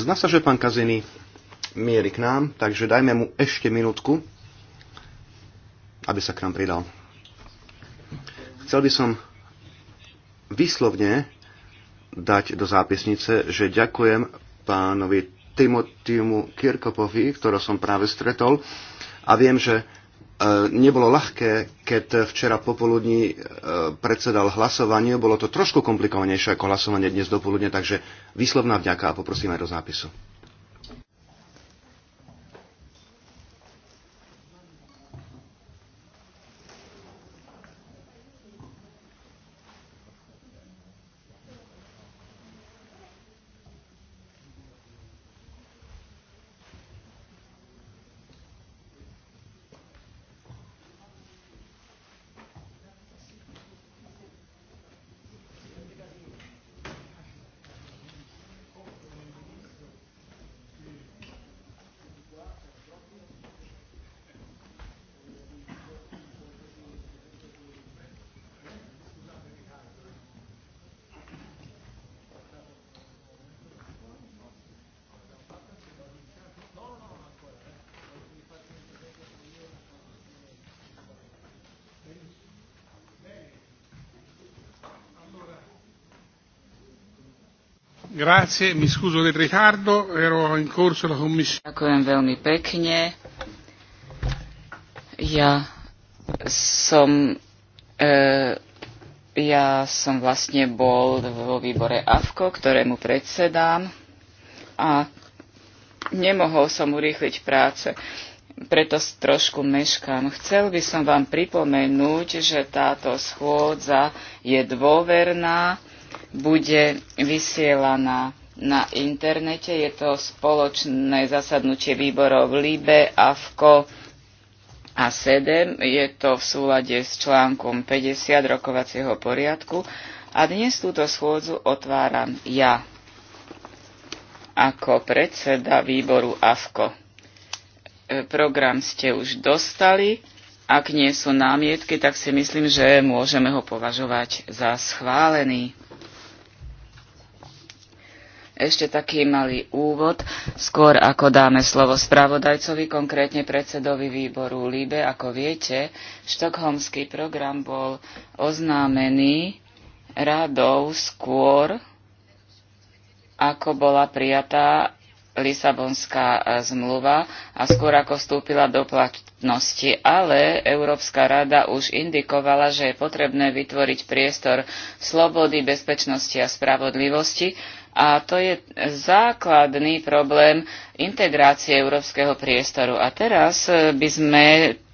Zdá sa, že pán Kazini mierí k nám, takže dajme mu ešte minútku, aby sa k nám pridal. Chcel by som vyslovne dať do zápisnice, že ďakujem pánovi Timotimu Kirkopovi, ktorého som práve stretol a viem, že E, nebolo ľahké, keď včera popoludní e, predsedal hlasovanie. Bolo to trošku komplikovanejšie ako hlasovanie dnes dopoludne, takže výslovná vďaka a poprosím aj do zápisu. Grazie, mi scuso del ritardo, ero in corso la commissione. Ďakujem veľmi pekne. Ja som e, ja som vlastne bol vo výbore AFKO, ktorému predsedám a nemohol som urýchliť práce, preto trošku meškám. Chcel by som vám pripomenúť, že táto schôdza je dôverná, bude vysielaná na internete. Je to spoločné zasadnutie výborov LIBE, AFKO a SEDEM. Je to v súlade s článkom 50 rokovacieho poriadku. A dnes túto schôdzu otváram ja ako predseda výboru AFKO. E, program ste už dostali. Ak nie sú námietky, tak si myslím, že môžeme ho považovať za schválený. Ešte taký malý úvod, skôr ako dáme slovo spravodajcovi, konkrétne predsedovi výboru LIBE. Ako viete, štokholmský program bol oznámený radou skôr, ako bola prijatá Lisabonská e, zmluva a skôr ako vstúpila do platnosti. Ale Európska rada už indikovala, že je potrebné vytvoriť priestor slobody, bezpečnosti a spravodlivosti, a to je základný problém integrácie európskeho priestoru. A teraz e, by sme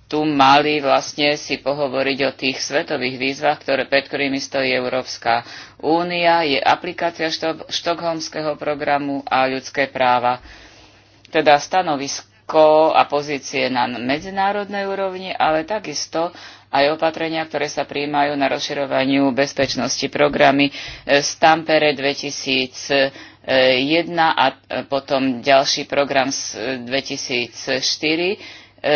tu mali vlastne si pohovoriť o tých svetových výzvach, ktoré, pred ktorými stojí Európska únia, je aplikácia štokholmského programu a ľudské práva. Teda stanovisko a pozície na medzinárodnej úrovni, ale takisto aj opatrenia, ktoré sa príjmajú na rozširovaniu bezpečnosti programy z Tampere 2001 a e, potom ďalší program z 2004. E, e,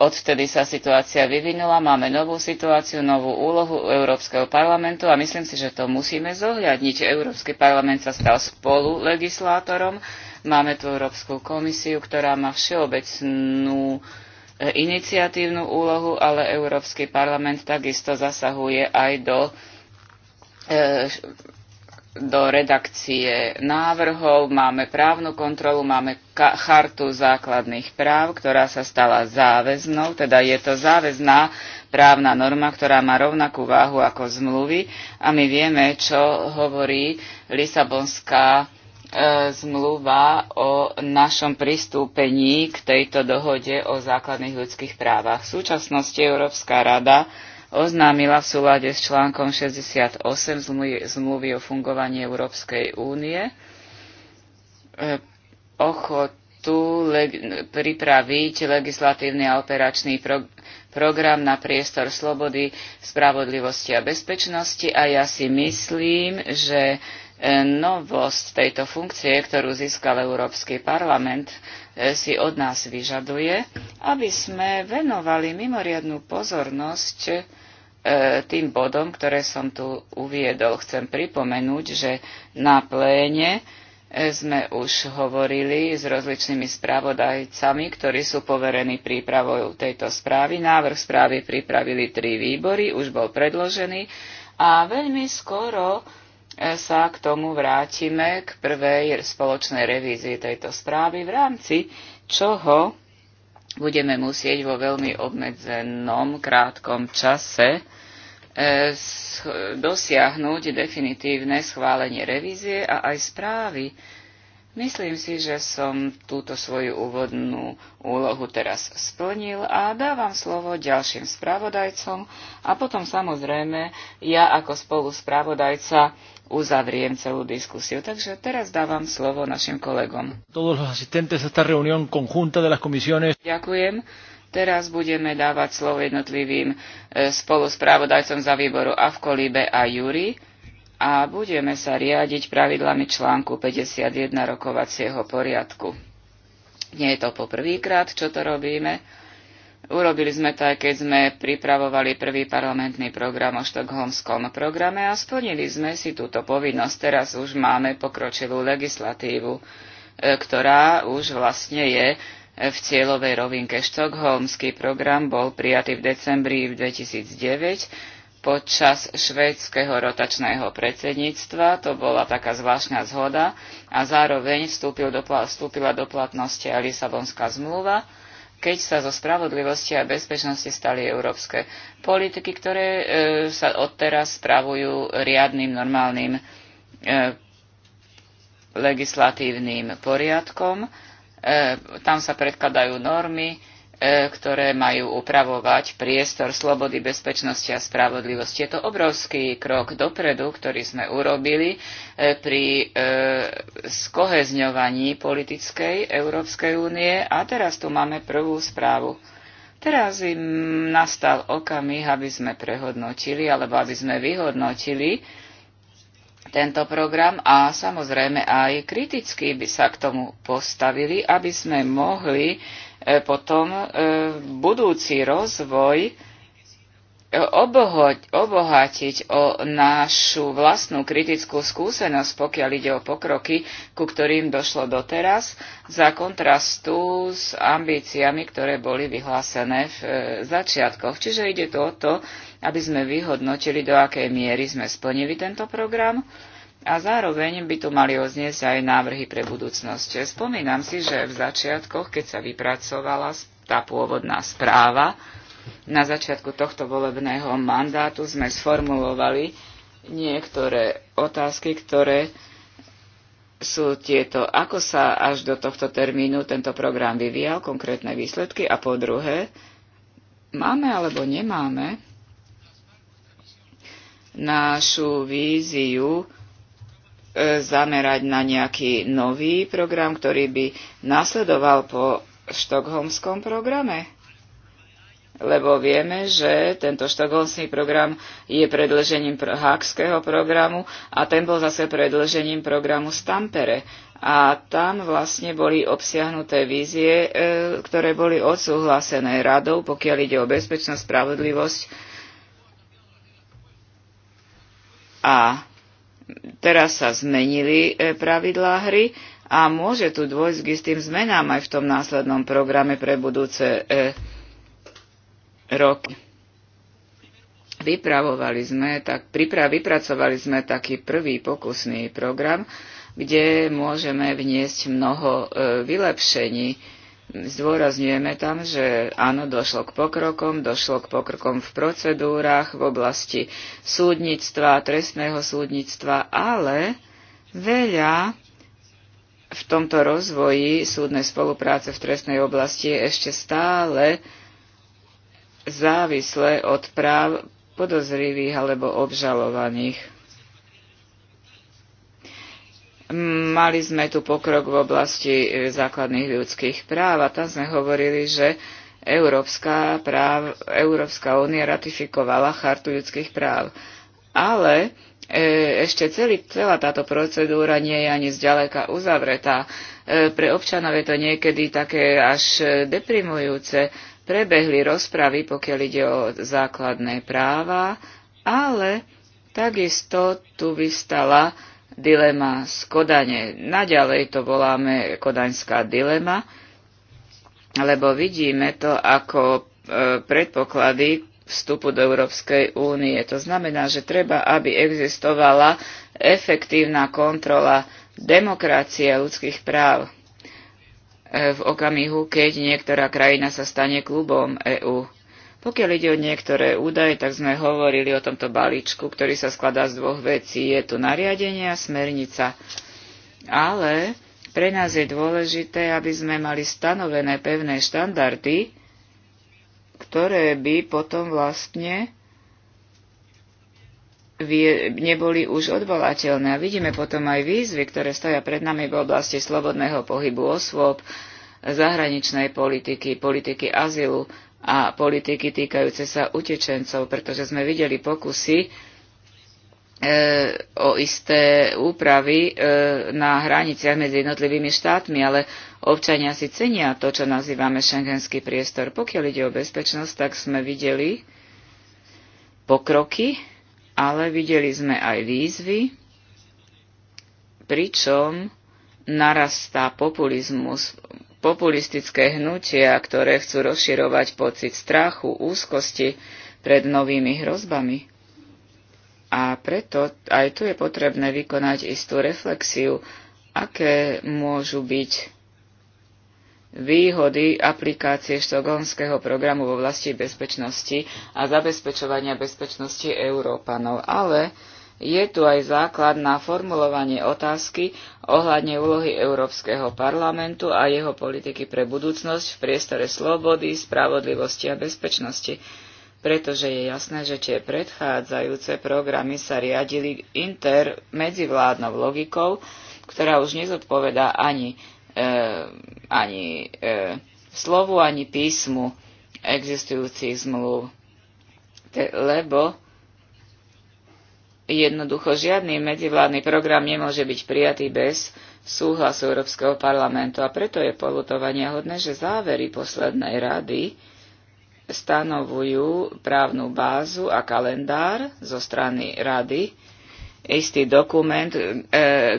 Odvtedy sa situácia vyvinula, máme novú situáciu, novú úlohu Európskeho parlamentu a myslím si, že to musíme zohľadniť. Európsky parlament sa stal spolulegislátorom, máme tu Európsku komisiu, ktorá má všeobecnú uh, iniciatívnu úlohu, ale Európsky parlament takisto zasahuje aj do, e, do redakcie návrhov. Máme právnu kontrolu, máme chartu základných práv, ktorá sa stala záväznou, teda je to záväzná právna norma, ktorá má rovnakú váhu ako zmluvy a my vieme, čo hovorí Lisabonská E, zmluva o našom pristúpení k tejto dohode o základných ľudských právach. V súčasnosti Európska rada oznámila v súlade s článkom 68 zmluvy o fungovaní Európskej únie e, ochotu le- pripraviť legislatívny a operačný pro- program na priestor slobody, spravodlivosti a bezpečnosti a ja si myslím, že novosť tejto funkcie, ktorú získal Európsky parlament, e, si od nás vyžaduje, aby sme venovali mimoriadnú pozornosť e, tým bodom, ktoré som tu uviedol. Chcem pripomenúť, že na pléne e, sme už hovorili s rozličnými správodajcami, ktorí sú poverení prípravou tejto správy. Návrh správy pripravili tri výbory, už bol predložený a veľmi skoro sa k tomu vrátime k prvej spoločnej revízii tejto správy, v rámci čoho budeme musieť vo veľmi obmedzenom krátkom čase e, dosiahnuť definitívne schválenie revízie a aj správy Myslím si, že som túto svoju úvodnú úlohu teraz splnil a dávam slovo ďalším spravodajcom a potom samozrejme ja ako spolu spravodajca uzavriem celú diskusiu. Takže teraz dávam slovo našim kolegom. Ďakujem. Teraz budeme dávať slovo jednotlivým eh, spoluspravodajcom za výboru Avko, Libe a Júri a budeme sa riadiť pravidlami článku 51 rokovacieho poriadku. Nie je to poprvýkrát, čo to robíme. Urobili sme to aj keď sme pripravovali prvý parlamentný program o štokholmskom programe a splnili sme si túto povinnosť. Teraz už máme pokročilú legislatívu, e, ktorá už vlastne je v cieľovej rovinke. Štokholmský program bol prijatý v decembri 2009 počas švédskeho rotačného predsedníctva. To bola taká zvláštna zhoda a zároveň vstúpil do, vstúpila do platnosti aj Lisabonská zmluva, keď sa zo spravodlivosti a bezpečnosti stali európske politiky, ktoré e, sa odteraz spravujú riadným, normálnym e, legislatívnym poriadkom. E, tam sa predkladajú normy, E, ktoré majú upravovať priestor slobody, bezpečnosti a spravodlivosti. Je to obrovský krok dopredu, ktorý sme urobili e, pri e, skohezňovaní politickej Európskej únie a teraz tu máme prvú správu. Teraz im nastal okamih, aby sme prehodnotili alebo aby sme vyhodnotili tento program a samozrejme aj kriticky by sa k tomu postavili, aby sme mohli E, potom e, budúci rozvoj e, obohatiť o našu vlastnú kritickú skúsenosť, pokiaľ ide o pokroky, ku ktorým došlo doteraz, za kontrastu s ambíciami, ktoré boli vyhlásené v začiatkoch. Čiže ide to o to, aby sme vyhodnotili, do akej miery sme splnili tento program a zároveň by tu mali oznieť aj návrhy pre budúcnosť. Spomínam si, že v začiatkoch, keď sa vypracovala tá pôvodná správa, na začiatku tohto volebného mandátu sme sformulovali niektoré otázky, ktoré sú tieto, ako sa až do tohto termínu tento program vyvíjal, konkrétne výsledky a po druhé, máme alebo nemáme našu víziu, E, zamerať na nejaký nový program, ktorý by nasledoval po štokholmskom programe? Lebo vieme, že tento štokholmský program je predlžením Hákského programu a ten bol zase predlžením programu Stampere. A tam vlastne boli obsiahnuté vízie, e, ktoré boli odsúhlasené radou, pokiaľ ide o bezpečnosť, spravodlivosť a Teraz sa zmenili e, pravidlá hry a môže tu dôjsť k istým zmenám aj v tom následnom programe pre budúce e, roky. Vypravovali sme, tak, pripra, vypracovali sme taký prvý pokusný program, kde môžeme vniesť mnoho e, vylepšení Zdôrazňujeme tam, že áno, došlo k pokrokom, došlo k pokrokom v procedúrach v oblasti súdnictva, trestného súdnictva, ale veľa v tomto rozvoji súdnej spolupráce v trestnej oblasti je ešte stále závislé od práv podozrivých alebo obžalovaných Mali sme tu pokrok v oblasti e, základných ľudských práv a tam sme hovorili, že Európska, práv, Európska únia ratifikovala chartu ľudských práv. Ale e, ešte celý, celá táto procedúra nie je ani zďaleka uzavretá. E, pre občanov je to niekedy také až deprimujúce. Prebehli rozpravy, pokiaľ ide o základné práva, ale takisto tu vystala dilema z Kodane. Naďalej to voláme kodaňská dilema, lebo vidíme to ako e, predpoklady vstupu do Európskej únie. To znamená, že treba, aby existovala efektívna kontrola demokracie a ľudských práv e, v okamihu, keď niektorá krajina sa stane klubom EÚ. Pokiaľ ide o niektoré údaje, tak sme hovorili o tomto balíčku, ktorý sa skladá z dvoch vecí. Je tu nariadenie a smernica. Ale pre nás je dôležité, aby sme mali stanovené pevné štandardy, ktoré by potom vlastne neboli už odvolateľné. A vidíme potom aj výzvy, ktoré stoja pred nami v oblasti slobodného pohybu osôb, zahraničnej politiky, politiky azylu, a politiky týkajúce sa utečencov, pretože sme videli pokusy e, o isté úpravy e, na hraniciach medzi jednotlivými štátmi, ale občania si cenia to, čo nazývame šengenský priestor. Pokiaľ ide o bezpečnosť, tak sme videli pokroky, ale videli sme aj výzvy, pričom narastá populizmus Populistické hnutia, ktoré chcú rozširovať pocit strachu, úzkosti pred novými hrozbami. A preto aj tu je potrebné vykonať istú reflexiu, aké môžu byť výhody aplikácie štokholmského programu vo vlasti bezpečnosti a zabezpečovania bezpečnosti Európanov. Ale je tu aj základ na formulovanie otázky ohľadne úlohy Európskeho parlamentu a jeho politiky pre budúcnosť v priestore slobody, spravodlivosti a bezpečnosti, pretože je jasné, že tie predchádzajúce programy sa riadili inter medzivládnou logikou, ktorá už nezodpovedá ani, e, ani e, slovu, ani písmu existujúcich zmluv. lebo Jednoducho žiadny medzivládny program nemôže byť prijatý bez súhlasu Európskeho parlamentu a preto je polutovania hodné, že závery poslednej rady stanovujú právnu bázu a kalendár zo strany rady, istý dokument, e,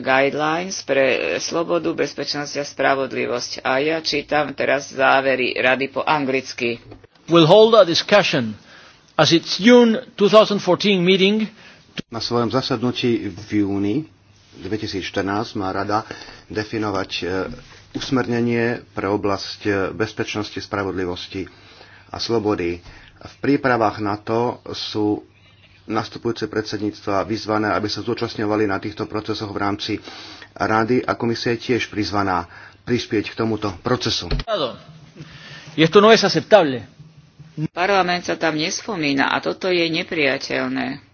guidelines pre slobodu, bezpečnosť a spravodlivosť. A ja čítam teraz závery rady po anglicky. We'll hold a discussion as its June 2014 meeting na svojom zasadnutí v júni 2014 má rada definovať e, usmernenie pre oblasť e, bezpečnosti, spravodlivosti a slobody. V prípravách na to sú nastupujúce predsedníctva vyzvané, aby sa zúčastňovali na týchto procesoch v rámci rady a komisia je tiež prizvaná prispieť k tomuto procesu. No Parlament sa tam nespomína a toto je nepriateľné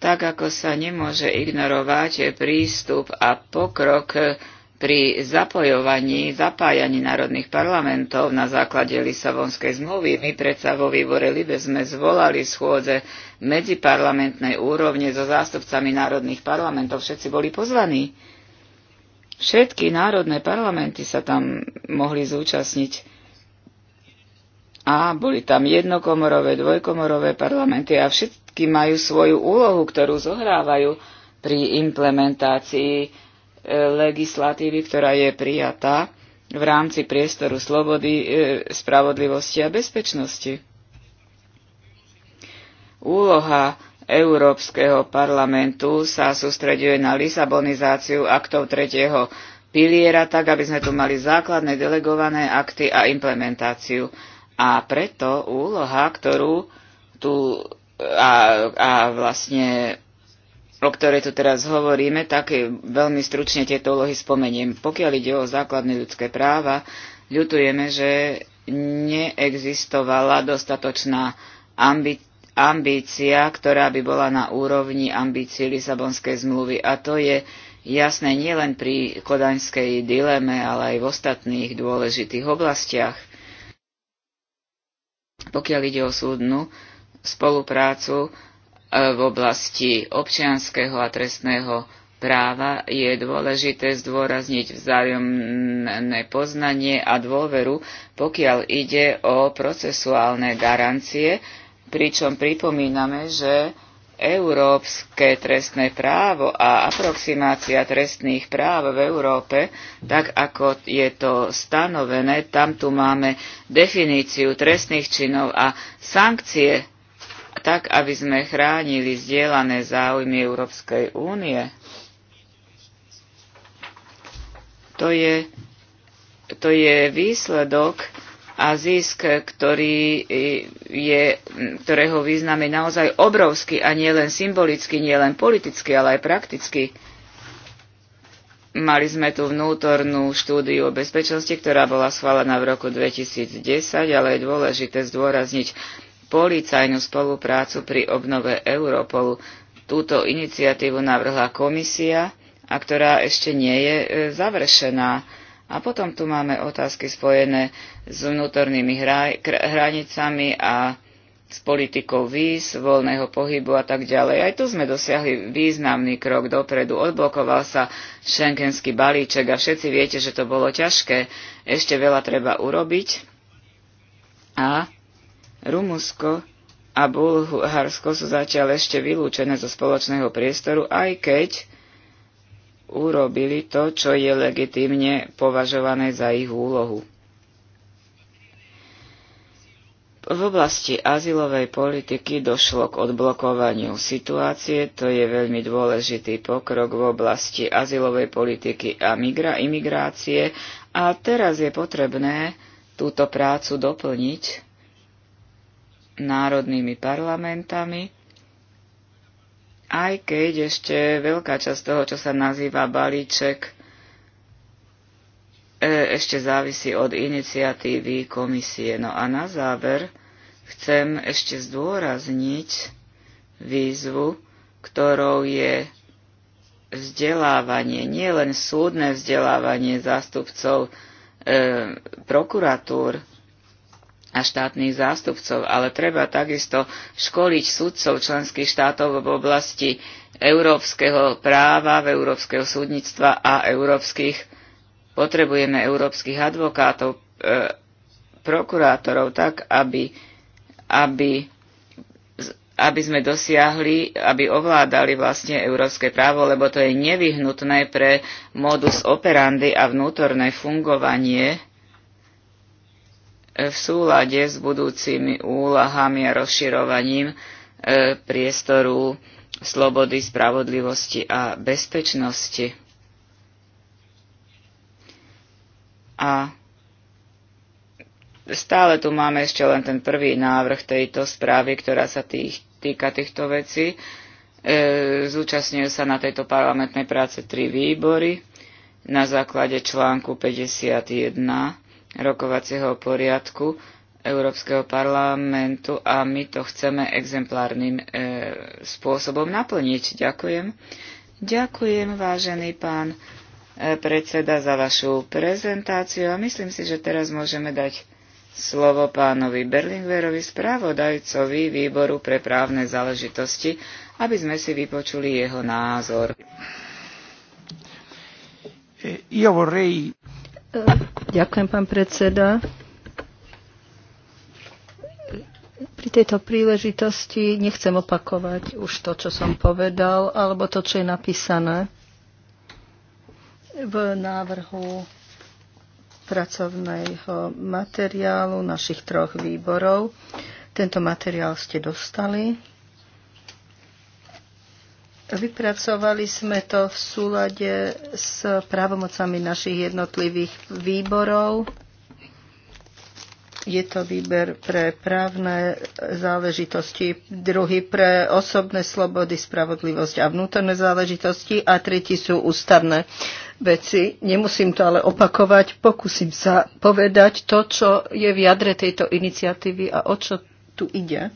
tak ako sa nemôže ignorovať prístup a pokrok pri zapojovaní, zapájaní národných parlamentov na základe Lisabonskej zmluvy. My predsa vo výbore Libe sme zvolali schôdze medziparlamentnej úrovne so zástupcami národných parlamentov. Všetci boli pozvaní. Všetky národné parlamenty sa tam mohli zúčastniť. A boli tam jednokomorové, dvojkomorové parlamenty a všet, jednotky majú svoju úlohu, ktorú zohrávajú pri implementácii e, legislatívy, ktorá je prijatá v rámci priestoru slobody, e, spravodlivosti a bezpečnosti. Úloha Európskeho parlamentu sa sústreďuje na lisabonizáciu aktov tretieho piliera, tak aby sme tu mali základné delegované akty a implementáciu. A preto úloha, ktorú tu a, a vlastne o ktorej tu teraz hovoríme, tak veľmi stručne tieto úlohy spomeniem. Pokiaľ ide o základné ľudské práva, ľutujeme, že neexistovala dostatočná ambi- ambícia, ktorá by bola na úrovni ambícií Lisabonskej zmluvy. A to je jasné nielen pri kodaňskej dileme, ale aj v ostatných dôležitých oblastiach. Pokiaľ ide o súdnu spoluprácu e, v oblasti občianského a trestného práva je dôležité zdôrazniť vzájomné poznanie a dôveru, pokiaľ ide o procesuálne garancie, pričom pripomíname, že európske trestné právo a aproximácia trestných práv v Európe, tak ako je to stanovené, tam tu máme definíciu trestných činov a sankcie tak, aby sme chránili zdieľané záujmy Európskej únie. To je, to je výsledok a zisk, ktorý je, ktorého význam je naozaj obrovský a nie len symbolický, nie len politický, ale aj praktický. Mali sme tu vnútornú štúdiu o bezpečnosti, ktorá bola schválená v roku 2010, ale je dôležité zdôrazniť policajnú spoluprácu pri obnove Europolu. Túto iniciatívu navrhla komisia, a ktorá ešte nie je e, završená. A potom tu máme otázky spojené s vnútornými hranicami a s politikou víz, voľného pohybu a tak ďalej. Aj tu sme dosiahli významný krok dopredu. Odblokoval sa šenkenský balíček a všetci viete, že to bolo ťažké. Ešte veľa treba urobiť. A Rumunsko a Bulharsko sú zatiaľ ešte vylúčené zo spoločného priestoru, aj keď urobili to, čo je legitímne považované za ich úlohu. V oblasti azylovej politiky došlo k odblokovaniu situácie, to je veľmi dôležitý pokrok v oblasti azylovej politiky a migra- imigrácie a teraz je potrebné túto prácu doplniť národnými parlamentami, aj keď ešte veľká časť toho, čo sa nazýva balíček, e, ešte závisí od iniciatívy komisie. No a na záver chcem ešte zdôrazniť výzvu, ktorou je vzdelávanie, nielen súdne vzdelávanie zástupcov e, prokuratúr, a štátnych zástupcov, ale treba takisto školiť sudcov členských štátov v oblasti európskeho práva, v európskeho súdnictva a európskych, potrebujeme európskych advokátov, e, prokurátorov tak, aby, aby, aby sme dosiahli, aby ovládali vlastne európske právo, lebo to je nevyhnutné pre modus operandi a vnútorné fungovanie v súlade s budúcimi úlohami a rozširovaním e, priestoru slobody, spravodlivosti a bezpečnosti. A stále tu máme ešte len ten prvý návrh tejto správy, ktorá sa tých, týka týchto vecí. E, zúčastňujú sa na tejto parlamentnej práce tri výbory na základe článku 51 rokovacieho poriadku Európskeho parlamentu a my to chceme exemplárnym e, spôsobom naplniť. Ďakujem. Ďakujem, vážený pán e, predseda, za vašu prezentáciu a myslím si, že teraz môžeme dať slovo pánovi Berlingverovi, správodajcovi výboru pre právne záležitosti, aby sme si vypočuli jeho názor. Ja e, vorrei Ďakujem, pán predseda. Pri tejto príležitosti nechcem opakovať už to, čo som povedal, alebo to, čo je napísané v návrhu pracovného materiálu našich troch výborov. Tento materiál ste dostali. Vypracovali sme to v súlade s právomocami našich jednotlivých výborov. Je to výber pre právne záležitosti, druhý pre osobné slobody, spravodlivosť a vnútorné záležitosti a tretí sú ústavné veci. Nemusím to ale opakovať, pokúsim sa povedať to, čo je v jadre tejto iniciatívy a o čo tu ide.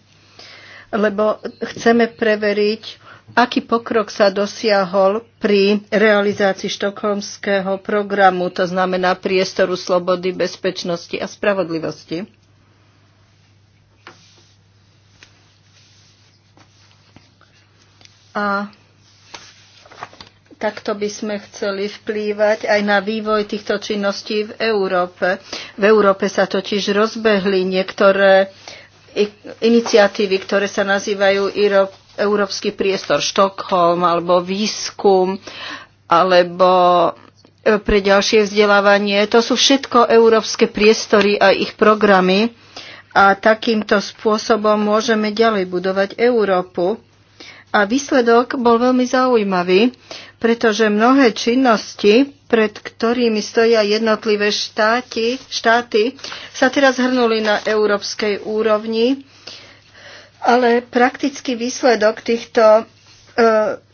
Lebo chceme preveriť, Aký pokrok sa dosiahol pri realizácii štokholmského programu, to znamená priestoru slobody, bezpečnosti a spravodlivosti? A takto by sme chceli vplývať aj na vývoj týchto činností v Európe. V Európe sa totiž rozbehli niektoré iniciatívy, ktoré sa nazývajú Europe európsky priestor Štokholm alebo výskum alebo e, pre ďalšie vzdelávanie. To sú všetko európske priestory a ich programy a takýmto spôsobom môžeme ďalej budovať Európu. A výsledok bol veľmi zaujímavý, pretože mnohé činnosti, pred ktorými stoja jednotlivé štáty, štáty sa teraz hrnuli na európskej úrovni ale praktický výsledok týchto e,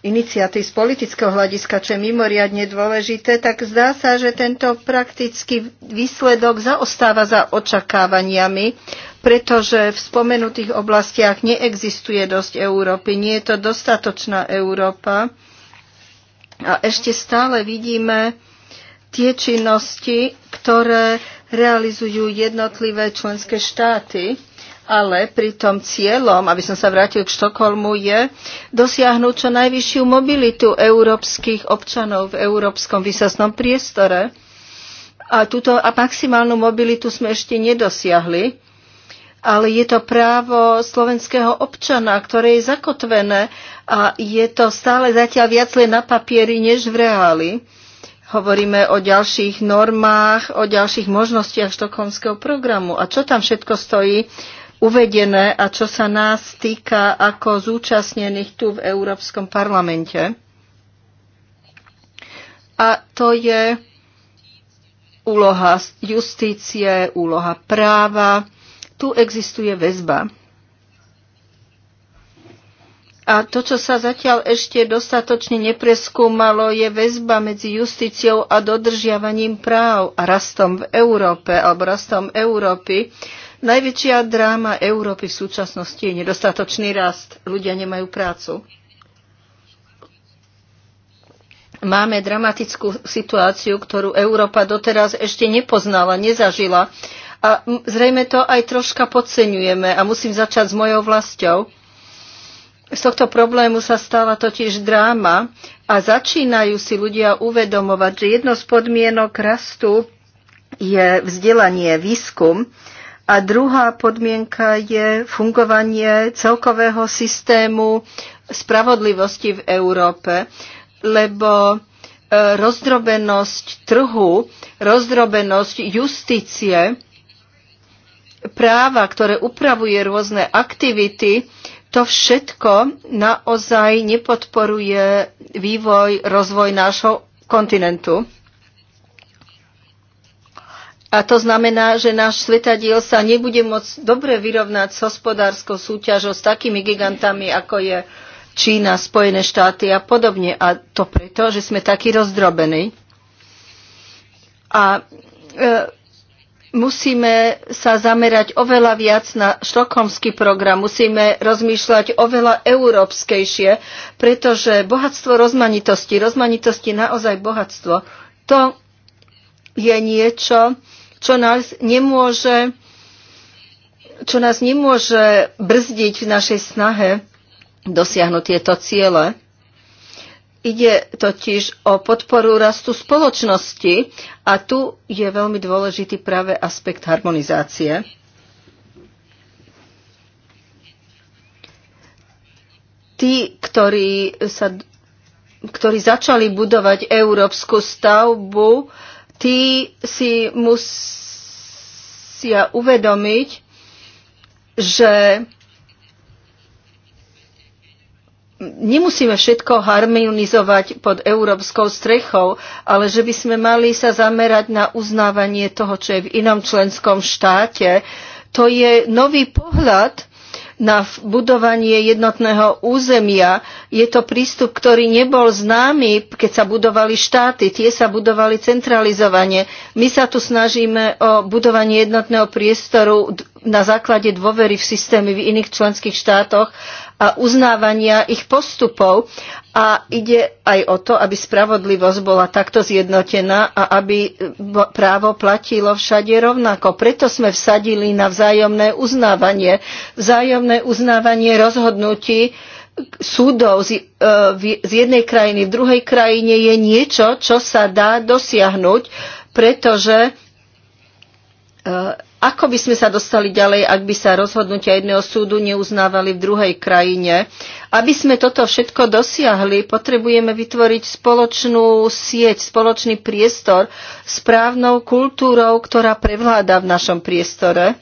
iniciatív z politického hľadiska, čo je mimoriadne dôležité, tak zdá sa, že tento praktický výsledok zaostáva za očakávaniami, pretože v spomenutých oblastiach neexistuje dosť Európy, nie je to dostatočná Európa. A ešte stále vidíme tie činnosti, ktoré realizujú jednotlivé členské štáty ale pritom cieľom, aby som sa vrátil k Štokholmu, je dosiahnuť čo najvyššiu mobilitu európskych občanov v európskom výsostnom priestore. A túto a maximálnu mobilitu sme ešte nedosiahli, ale je to právo slovenského občana, ktoré je zakotvené a je to stále zatiaľ viac len na papieri než v reáli. Hovoríme o ďalších normách, o ďalších možnostiach štokholmského programu. A čo tam všetko stojí uvedené a čo sa nás týka ako zúčastnených tu v Európskom parlamente. A to je úloha justície, úloha práva. Tu existuje väzba. A to, čo sa zatiaľ ešte dostatočne nepreskúmalo, je väzba medzi justíciou a dodržiavaním práv a rastom v Európe alebo rastom Európy. Najväčšia dráma Európy v súčasnosti je nedostatočný rast. Ľudia nemajú prácu. Máme dramatickú situáciu, ktorú Európa doteraz ešte nepoznala, nezažila. A zrejme to aj troška podceňujeme a musím začať s mojou vlastou. Z tohto problému sa stáva totiž dráma a začínajú si ľudia uvedomovať, že jedno z podmienok rastu je vzdelanie, výskum a druhá podmienka je fungovanie celkového systému spravodlivosti v Európe, lebo e, rozdrobenosť trhu, rozdrobenosť justície, práva, ktoré upravuje rôzne aktivity, to všetko naozaj nepodporuje vývoj, rozvoj nášho kontinentu. A to znamená, že náš svetadiel sa nebude môcť dobre vyrovnať s hospodárskou súťažou, s takými gigantami, ako je Čína, Spojené štáty a podobne. A to preto, že sme takí rozdrobení. A e, musíme sa zamerať oveľa viac na štokholmský program, musíme rozmýšľať oveľa európskejšie, pretože bohatstvo rozmanitosti, rozmanitosti naozaj bohatstvo, to je niečo, čo nás nemôže čo nás nemôže brzdiť v našej snahe dosiahnuť tieto ciele. Ide totiž o podporu rastu spoločnosti a tu je veľmi dôležitý práve aspekt harmonizácie. Tí, ktorí, sa, ktorí začali budovať európsku stavbu, tí si musia uvedomiť, že nemusíme všetko harmonizovať pod európskou strechou, ale že by sme mali sa zamerať na uznávanie toho, čo je v inom členskom štáte. To je nový pohľad na budovanie jednotného územia. Je to prístup, ktorý nebol známy, keď sa budovali štáty. Tie sa budovali centralizovane. My sa tu snažíme o budovanie jednotného priestoru na základe dôvery v systémy v iných členských štátoch a uznávania ich postupov. A ide aj o to, aby spravodlivosť bola takto zjednotená a aby právo platilo všade rovnako. Preto sme vsadili na vzájomné uznávanie. Vzájomné uznávanie rozhodnutí súdov z, e, jednej krajiny v druhej krajine je niečo, čo sa dá dosiahnuť, pretože e, ako by sme sa dostali ďalej, ak by sa rozhodnutia jedného súdu neuznávali v druhej krajine? Aby sme toto všetko dosiahli, potrebujeme vytvoriť spoločnú sieť, spoločný priestor s právnou kultúrou, ktorá prevláda v našom priestore.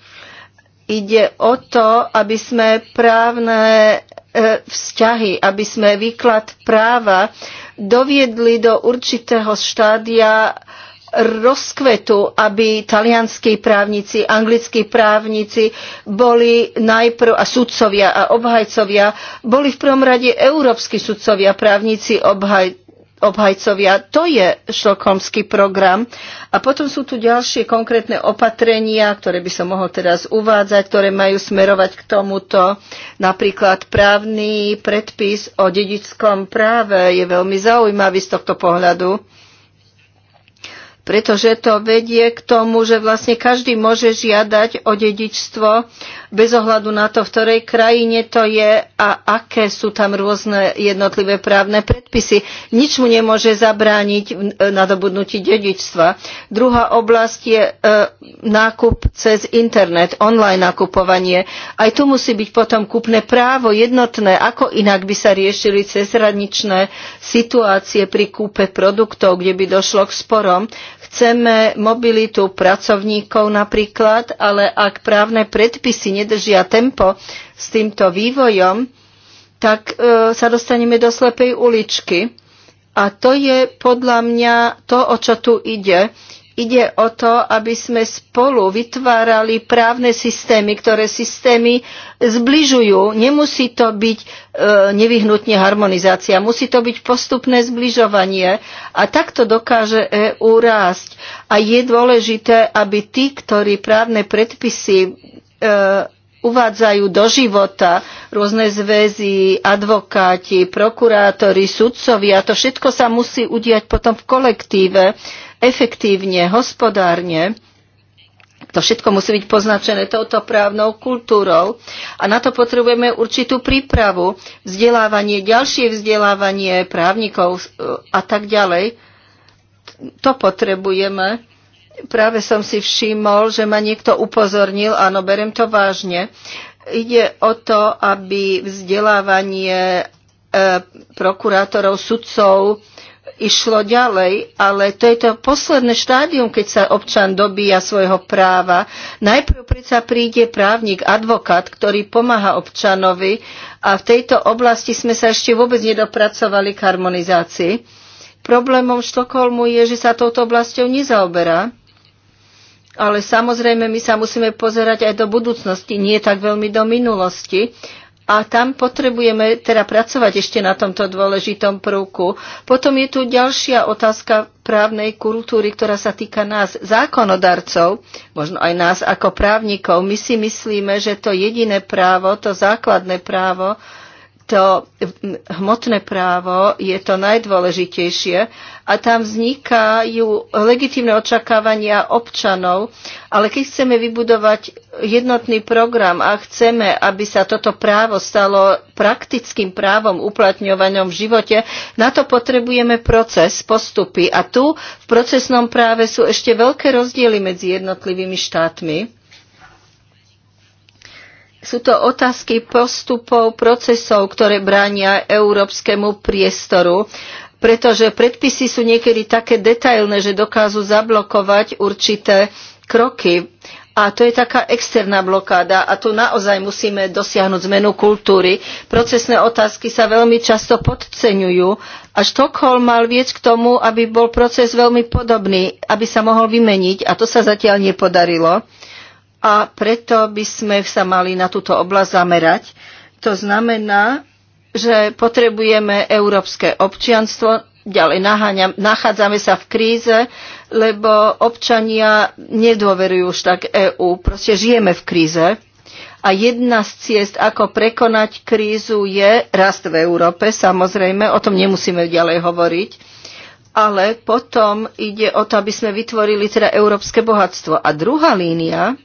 Ide o to, aby sme právne e, vzťahy, aby sme výklad práva doviedli do určitého štádia rozkvetu, aby talianskí právnici, anglickí právnici boli najprv a sudcovia a obhajcovia boli v prvom rade európsky sudcovia, právnici, obhaj, obhajcovia. To je štokholmský program. A potom sú tu ďalšie konkrétne opatrenia, ktoré by som mohol teraz uvádzať, ktoré majú smerovať k tomuto. Napríklad právny predpis o dedickom práve je veľmi zaujímavý z tohto pohľadu pretože to vedie k tomu, že vlastne každý môže žiadať o dedičstvo bez ohľadu na to, v ktorej krajine to je a aké sú tam rôzne jednotlivé právne predpisy. Nič mu nemôže zabrániť e, nadobudnutí dedičstva. Druhá oblasť je e, nákup cez internet, online nakupovanie. Aj tu musí byť potom kupné právo jednotné, ako inak by sa riešili cezhraničné situácie pri kúpe produktov, kde by došlo k sporom Chceme mobilitu pracovníkov napríklad, ale ak právne predpisy nedržia tempo s týmto vývojom, tak e, sa dostaneme do slepej uličky. A to je podľa mňa to, o čo tu ide. Ide o to, aby sme spolu vytvárali právne systémy, ktoré systémy zbližujú. Nemusí to byť e, nevyhnutne harmonizácia, musí to byť postupné zbližovanie a takto dokáže EU rásť. A je dôležité, aby tí, ktorí právne predpisy e, uvádzajú do života rôzne zväzy, advokáti, prokurátori, sudcovia. To všetko sa musí udiať potom v kolektíve efektívne, hospodárne. To všetko musí byť poznačené touto právnou kultúrou a na to potrebujeme určitú prípravu, vzdelávanie, ďalšie vzdelávanie právnikov e, a tak ďalej. To potrebujeme. Práve som si všimol, že ma niekto upozornil, áno, berem to vážne. Ide o to, aby vzdelávanie e, prokurátorov, sudcov, išlo ďalej, ale to je to posledné štádium, keď sa občan dobíja svojho práva. Najprv predsa príde právnik, advokát, ktorý pomáha občanovi a v tejto oblasti sme sa ešte vôbec nedopracovali k harmonizácii. Problémom Štokholmu je, že sa touto oblasťou nezaoberá. Ale samozrejme, my sa musíme pozerať aj do budúcnosti, nie tak veľmi do minulosti a tam potrebujeme teda pracovať ešte na tomto dôležitom prvku. Potom je tu ďalšia otázka právnej kultúry, ktorá sa týka nás, zákonodarcov, možno aj nás ako právnikov. My si myslíme, že to jediné právo, to základné právo, to hmotné právo je to najdôležitejšie a tam vznikajú legitimné očakávania občanov, ale keď chceme vybudovať jednotný program a chceme, aby sa toto právo stalo praktickým právom uplatňovanom v živote, na to potrebujeme proces, postupy a tu v procesnom práve sú ešte veľké rozdiely medzi jednotlivými štátmi. Sú to otázky postupov, procesov, ktoré bránia európskemu priestoru, pretože predpisy sú niekedy také detailné, že dokážu zablokovať určité kroky. A to je taká externá blokáda a tu naozaj musíme dosiahnuť zmenu kultúry. Procesné otázky sa veľmi často podceňujú a Štokholm mal viec k tomu, aby bol proces veľmi podobný, aby sa mohol vymeniť a to sa zatiaľ nepodarilo a preto by sme sa mali na túto oblasť zamerať. To znamená, že potrebujeme európske občianstvo, ďalej naháňam, nachádzame sa v kríze, lebo občania nedôverujú už tak EÚ, proste žijeme v kríze. A jedna z ciest, ako prekonať krízu, je rast v Európe, samozrejme, o tom nemusíme ďalej hovoriť. Ale potom ide o to, aby sme vytvorili teda európske bohatstvo. A druhá línia,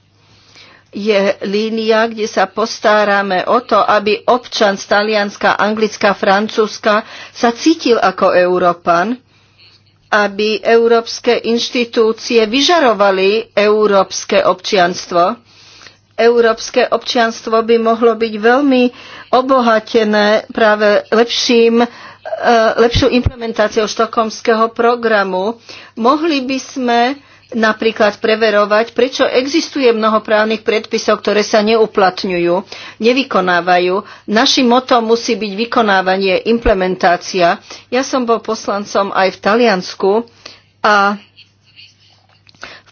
je línia, kde sa postárame o to, aby občan z Talianska, Anglicka, Francúzska sa cítil ako Európan, aby európske inštitúcie vyžarovali európske občianstvo. Európske občianstvo by mohlo byť veľmi obohatené práve lepším e, lepšou implementáciou štokholmského programu. Mohli by sme napríklad preverovať, prečo existuje mnoho právnych predpisov, ktoré sa neuplatňujú, nevykonávajú. Našim motom musí byť vykonávanie, implementácia. Ja som bol poslancom aj v Taliansku a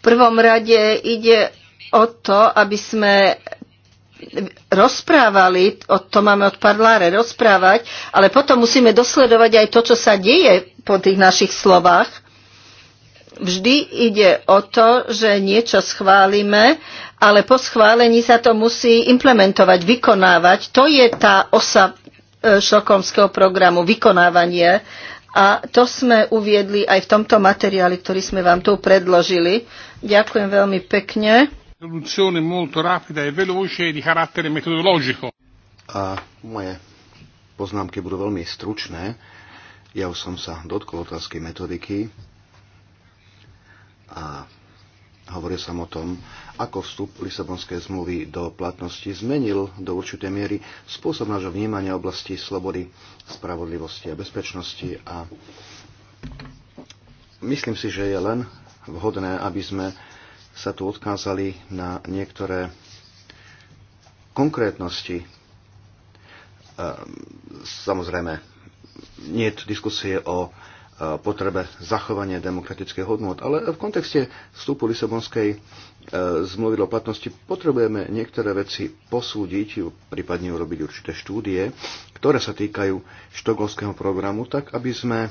v prvom rade ide o to, aby sme rozprávali, o to máme od parláre rozprávať, ale potom musíme dosledovať aj to, čo sa deje po tých našich slovách. Vždy ide o to, že niečo schválime, ale po schválení sa to musí implementovať, vykonávať. To je tá osa e, šokomského programu, vykonávanie. A to sme uviedli aj v tomto materiáli, ktorý sme vám tu predložili. Ďakujem veľmi pekne. E A moje poznámky budú veľmi stručné. Ja už som sa dotkol otázky metodiky a hovoril som o tom, ako vstup Lisabonskej zmluvy do platnosti zmenil do určitej miery spôsob nášho vnímania oblasti slobody, spravodlivosti a bezpečnosti a myslím si, že je len vhodné, aby sme sa tu odkázali na niektoré konkrétnosti. Ehm, samozrejme, nie je diskusie o potrebe zachovania demokratických hodnot. Ale v kontexte vstupu Lisabonskej e, zmluvy do platnosti potrebujeme niektoré veci posúdiť, prípadne urobiť určité štúdie, ktoré sa týkajú štokholského programu, tak aby sme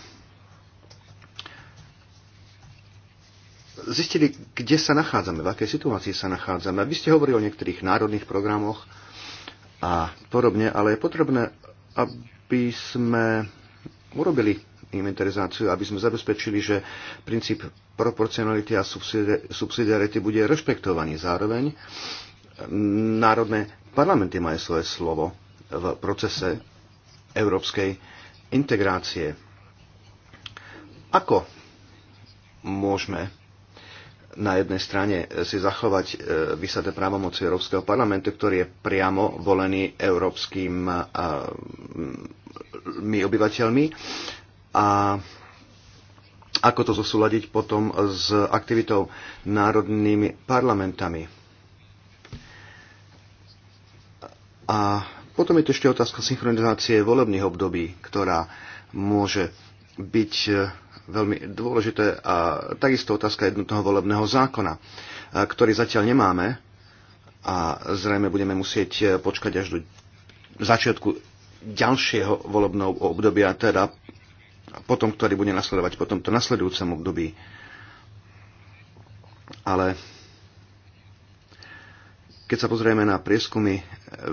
zistili, kde sa nachádzame, v akej situácii sa nachádzame. Vy ste hovorili o niektorých národných programoch a podobne, ale je potrebné, aby sme urobili inventarizáciu, aby sme zabezpečili, že princíp proporcionality a subsidiarity bude rešpektovaný. Zároveň národné parlamenty majú svoje slovo v procese európskej integrácie. Ako môžeme na jednej strane si zachovať vysaté právomoci Európskeho parlamentu, ktorý je priamo volený európskymi obyvateľmi a ako to zosúľadiť potom s aktivitou národnými parlamentami. A potom je tu ešte otázka synchronizácie volebných období, ktorá môže byť e, veľmi dôležité a takisto otázka jednotného volebného zákona, e, ktorý zatiaľ nemáme a zrejme budeme musieť e, počkať až do začiatku ďalšieho volebného obdobia, teda potom, ktorý bude nasledovať po tomto nasledujúcom období. Ale keď sa pozrieme na prieskumy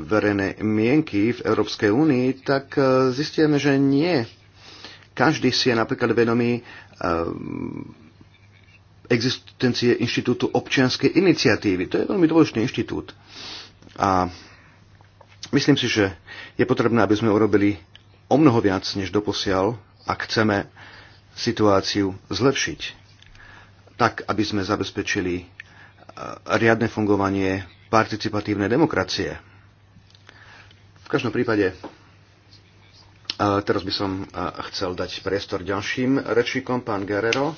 verejnej mienky v Európskej únii, tak e, zistíme, že nie. Každý si je napríklad vedomý e, existencie inštitútu občianskej iniciatívy. To je veľmi dôležitý inštitút. A myslím si, že je potrebné, aby sme urobili o mnoho viac, než doposiaľ ak chceme situáciu zlepšiť, tak aby sme zabezpečili eh, riadne fungovanie participatívnej demokracie. V každom prípade eh, teraz by som eh, chcel dať priestor ďalším rečníkom, pán Guerrero.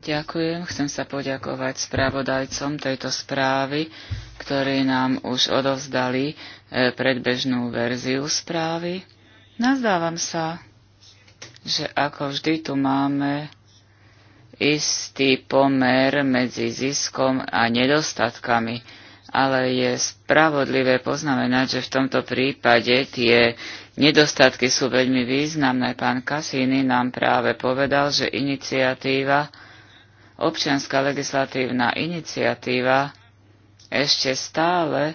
Ďakujem, chcem sa poďakovať správodajcom tejto správy, ktorí nám už odovzdali predbežnú verziu správy. Nazdávam sa, že ako vždy tu máme istý pomer medzi ziskom a nedostatkami, ale je spravodlivé poznamenať, že v tomto prípade tie nedostatky sú veľmi významné. Pán Kasíny nám práve povedal, že iniciatíva, občianská legislatívna iniciatíva ešte stále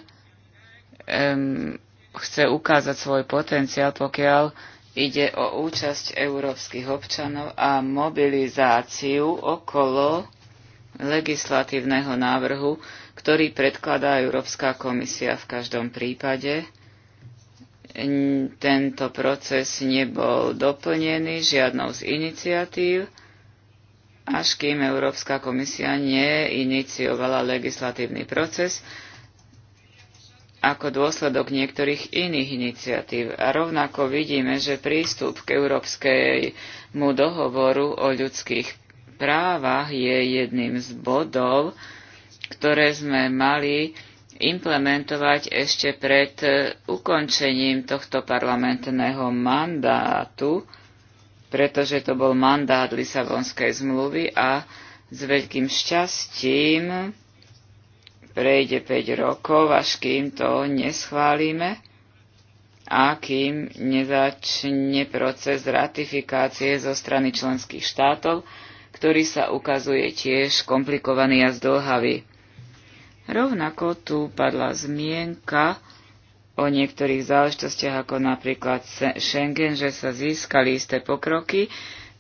um, chce ukázať svoj potenciál, pokiaľ Ide o účasť európskych občanov a mobilizáciu okolo legislatívneho návrhu, ktorý predkladá Európska komisia v každom prípade. Tento proces nebol doplnený žiadnou z iniciatív, až kým Európska komisia neiniciovala legislatívny proces, ako dôsledok niektorých iných iniciatív. A rovnako vidíme, že prístup k Európskejmu dohovoru o ľudských právach je jedným z bodov, ktoré sme mali implementovať ešte pred ukončením tohto parlamentného mandátu, pretože to bol mandát Lisabonskej zmluvy a s veľkým šťastím prejde 5 rokov, až kým to neschválime a kým nezačne proces ratifikácie zo strany členských štátov, ktorý sa ukazuje tiež komplikovaný a zdlhavý. Rovnako tu padla zmienka o niektorých záležitostiach, ako napríklad Schengen, že sa získali isté pokroky,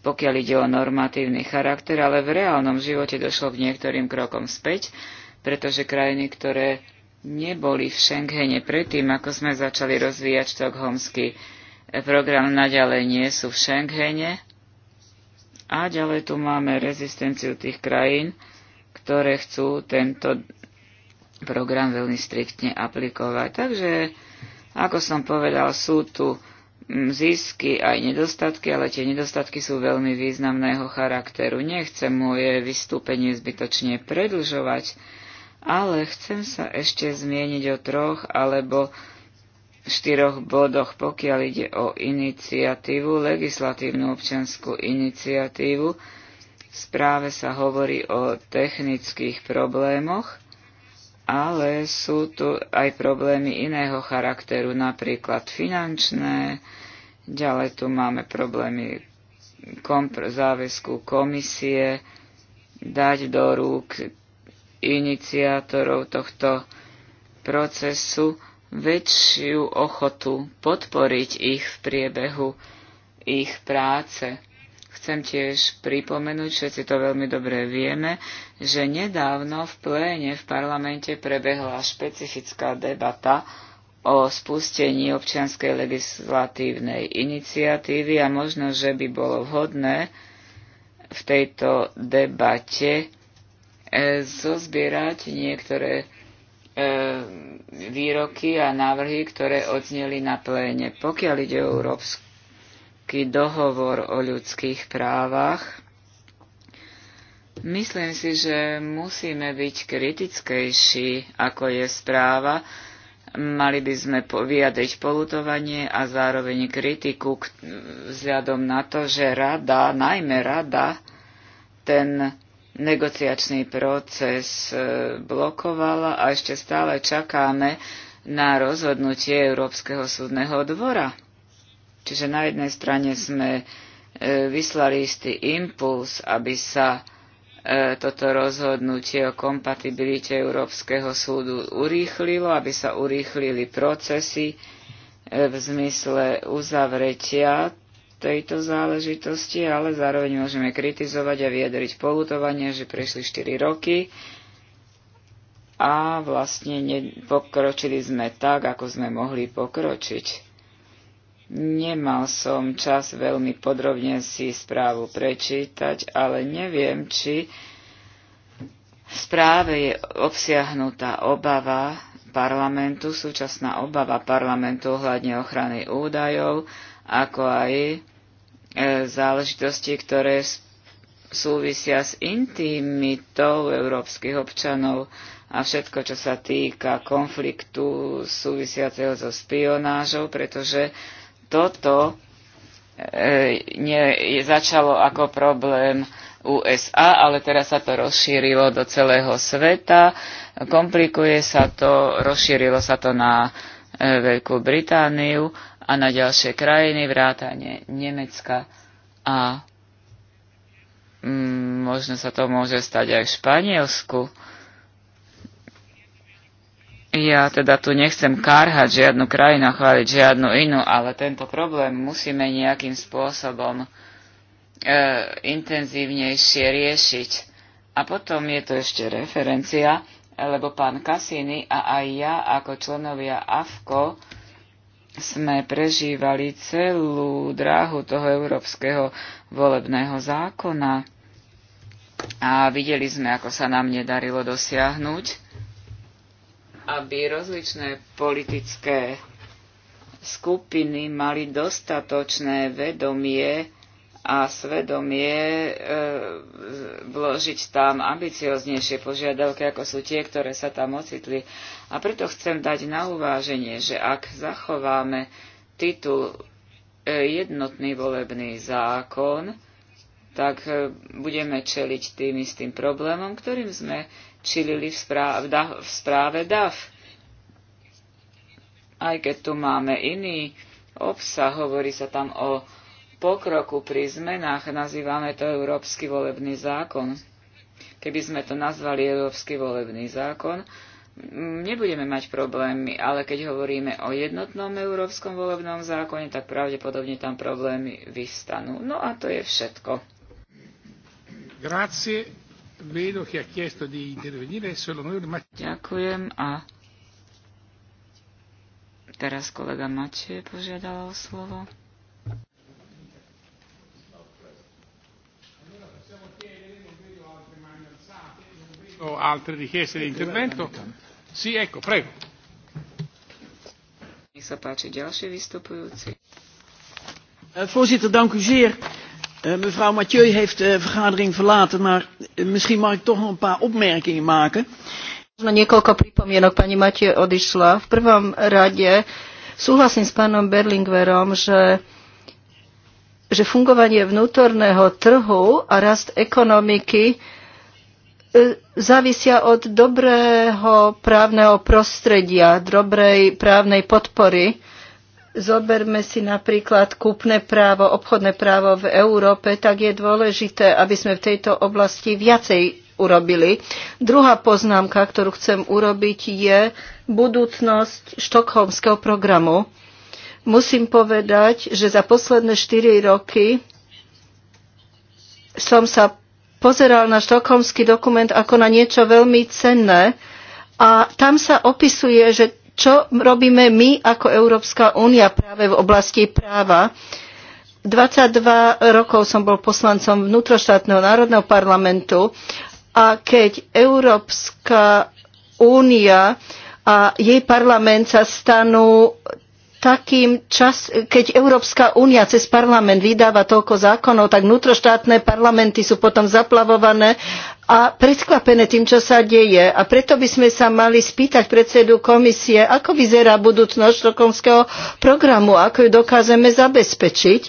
pokiaľ ide o normatívny charakter, ale v reálnom živote došlo k niektorým krokom späť, pretože krajiny, ktoré neboli v Schengene predtým, ako sme začali rozvíjať štokholmský eh, program, naďalej nie sú v Schengene. A ďalej tu máme rezistenciu tých krajín, ktoré chcú tento program veľmi striktne aplikovať. Takže, ako som povedal, sú tu mm, zisky aj nedostatky, ale tie nedostatky sú veľmi významného charakteru. Nechcem moje vystúpenie zbytočne predlžovať, ale chcem sa ešte zmieniť o troch alebo štyroch bodoch, pokiaľ ide o iniciatívu, legislatívnu občanskú iniciatívu. V správe sa hovorí o technických problémoch, ale sú tu aj problémy iného charakteru, napríklad finančné, ďalej tu máme problémy kompr- záväzku komisie dať do rúk iniciátorov tohto procesu väčšiu ochotu podporiť ich v priebehu ich práce. Chcem tiež pripomenúť, všetci to veľmi dobre vieme, že nedávno v pléne v parlamente prebehla špecifická debata o spustení občianskej legislatívnej iniciatívy a možno, že by bolo vhodné v tejto debate E, zozbierať niektoré e, výroky a návrhy, ktoré odzneli na pléne. Pokiaľ ide o Európsky dohovor o ľudských právach, myslím si, že musíme byť kritickejší, ako je správa. Mali by sme vyjadriť polutovanie a zároveň kritiku vzhľadom na to, že rada, najmä rada, ten negociačný proces e, blokovala a ešte stále čakáme na rozhodnutie Európskeho súdneho dvora. Čiže na jednej strane sme e, vyslali istý impuls, aby sa e, toto rozhodnutie o kompatibilite Európskeho súdu urýchlilo, aby sa urýchlili procesy v zmysle uzavretia tejto záležitosti, ale zároveň môžeme kritizovať a vyjadriť polutovanie, že prešli 4 roky a vlastne pokročili sme tak, ako sme mohli pokročiť. Nemal som čas veľmi podrobne si správu prečítať, ale neviem, či v správe je obsiahnutá obava parlamentu, súčasná obava parlamentu ohľadne ochrany údajov, ako aj E, záležitosti, ktoré súvisia s intimitou európskych občanov a všetko, čo sa týka konfliktu súvisiaceho so spionážou, pretože toto e, nie, je, začalo ako problém USA, ale teraz sa to rozšírilo do celého sveta, komplikuje sa to, rozšírilo sa to na e, Veľkú Britániu a na ďalšie krajiny, vrátane Nemecka a mm, možno sa to môže stať aj v Španielsku. Ja teda tu nechcem karhať žiadnu krajinu a chváliť žiadnu inú, ale tento problém musíme nejakým spôsobom e, intenzívnejšie riešiť. A potom je to ešte referencia, lebo pán Kasiny a aj ja ako členovia AFKO sme prežívali celú dráhu toho európskeho volebného zákona a videli sme, ako sa nám nedarilo dosiahnuť, aby rozličné politické skupiny mali dostatočné vedomie a svedomie e, vložiť tam ambicioznejšie požiadavky, ako sú tie, ktoré sa tam ocitli. A preto chcem dať na uváženie, že ak zachováme titul e, jednotný volebný zákon, tak e, budeme čeliť tým istým problémom, ktorým sme čilili v správe, v správe DAF. Aj keď tu máme iný obsah, hovorí sa tam o pokroku pri zmenách, nazývame to Európsky volebný zákon. Keby sme to nazvali Európsky volebný zákon, nebudeme mať problémy, ale keď hovoríme o jednotnom európskom volebnom zákone, tak pravdepodobne tam problémy vystanú. No a to je všetko. Grazie. Vedo che ha chiesto di intervenire solo Ďakujem a teraz kolega Mače požiadala o slovo. o altre richieste di intervento? Sì, ecco, prego. Nech sa páči ďalší vystupujúci. Eh, voorzitter, dank u zeer. Eh, mevrouw Mathieu heeft de vergadering verlaten, maar eh, misschien mag ik toch nog een paar opmerkingen maken. Možno niekoľko pripomienok pani Matie odišla. V prvom rade súhlasím s pánom Berlingverom, že, že fungovanie vnútorného trhu a rast ekonomiky závisia od dobrého právneho prostredia, dobrej právnej podpory. Zoberme si napríklad kúpne právo, obchodné právo v Európe, tak je dôležité, aby sme v tejto oblasti viacej urobili. Druhá poznámka, ktorú chcem urobiť, je budúcnosť štokholmského programu. Musím povedať, že za posledné 4 roky som sa pozeral na štokholmský dokument ako na niečo veľmi cenné a tam sa opisuje, že čo robíme my ako Európska únia práve v oblasti práva. 22 rokov som bol poslancom vnútroštátneho národného parlamentu a keď Európska únia a jej parlament sa stanú takým čas, keď Európska únia cez parlament vydáva toľko zákonov, tak vnútroštátne parlamenty sú potom zaplavované a prekvapené tým, čo sa deje. A preto by sme sa mali spýtať predsedu komisie, ako vyzerá budúcnosť štokholmského programu, ako ju dokážeme zabezpečiť.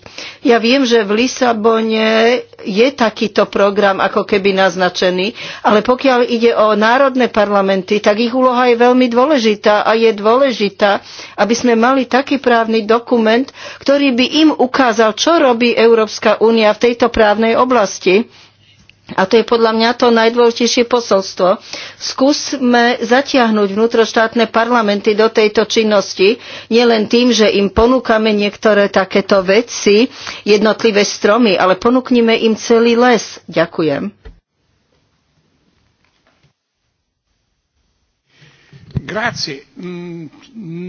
Ja viem, že v Lisabone je takýto program ako keby naznačený, ale pokiaľ ide o národné parlamenty, tak ich úloha je veľmi dôležitá a je dôležitá, aby sme mali taký právny dokument, ktorý by im ukázal, čo robí Európska únia v tejto právnej oblasti a to je podľa mňa to najdôležitejšie posolstvo. Skúsme zatiahnuť vnútroštátne parlamenty do tejto činnosti, nielen tým, že im ponúkame niektoré takéto veci, jednotlivé stromy, ale ponúknime im celý les. Ďakujem. Grazie. Mm,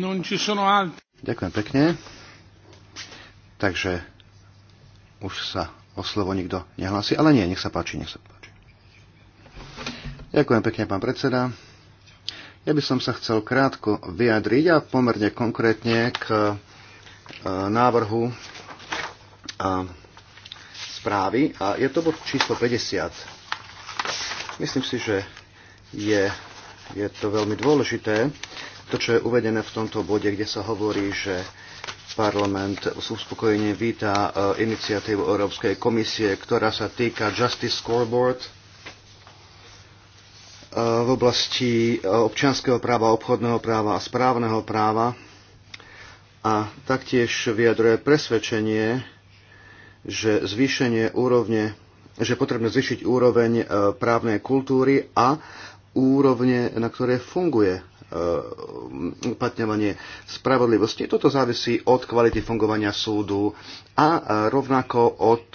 non ci sono altri. Ďakujem pekne. Takže už sa o slovo nikto nehlási. ale nie, nech sa páči, nech sa páči. Ďakujem pekne, pán predseda. Ja by som sa chcel krátko vyjadriť a pomerne konkrétne k e, návrhu e, správy a je to bod číslo 50. Myslím si, že je, je to veľmi dôležité, to, čo je uvedené v tomto bode, kde sa hovorí, že Parlament s uspokojením víta e, iniciatívu Európskej komisie, ktorá sa týka Justice Scoreboard e, v oblasti e, občianského práva, obchodného práva a správneho práva a taktiež vyjadruje presvedčenie, že zvýšenie úrovne, že potrebné zvýšiť úroveň právnej kultúry a úrovne, na ktoré funguje E, uplatňovanie spravodlivosti. Toto závisí od kvality fungovania súdu a e, rovnako od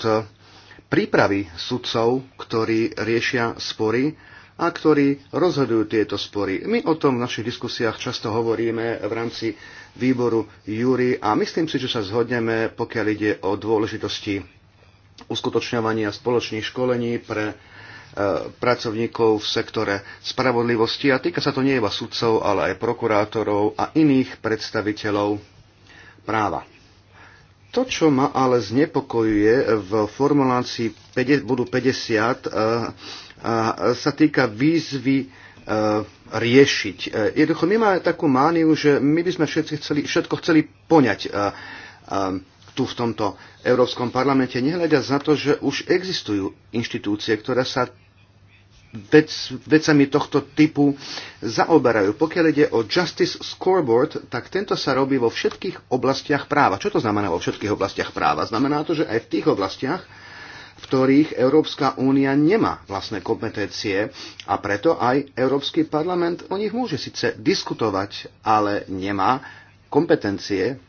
prípravy sudcov, ktorí riešia spory a ktorí rozhodujú tieto spory. My o tom v našich diskusiách často hovoríme v rámci výboru Júri a myslím si, že sa zhodneme, pokiaľ ide o dôležitosti uskutočňovania spoločných školení pre Eh, pracovníkov v sektore spravodlivosti a týka sa to nie iba sudcov, ale aj prokurátorov a iných predstaviteľov práva. To, čo ma ale znepokojuje v formulácii 50, budú 50, sa týka výzvy eh, riešiť. Eh, jednoducho my máme takú mániu, že my by sme všetci chceli, všetko chceli poňať tu v tomto Európskom parlamente, nehľadia za to, že už existujú inštitúcie, ktoré sa vec, vecami tohto typu zaoberajú. Pokiaľ ide o Justice Scoreboard, tak tento sa robí vo všetkých oblastiach práva. Čo to znamená vo všetkých oblastiach práva? Znamená to, že aj v tých oblastiach, v ktorých Európska únia nemá vlastné kompetencie a preto aj Európsky parlament o nich môže síce diskutovať, ale nemá kompetencie